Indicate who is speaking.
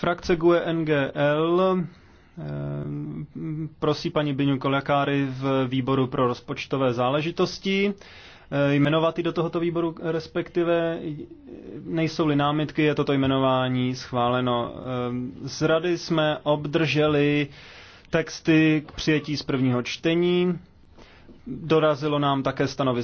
Speaker 1: Frakce GUE NGL eh, prosí paní Biňu Koliakáry v výboru pro rozpočtové záležitosti eh, jmenovat i do tohoto výboru, respektive nejsou-li námitky, je toto jmenování schváleno. Eh, z rady jsme obdrželi texty k přijetí z prvního čtení. Dorazilo
Speaker 2: nám také stanovisko.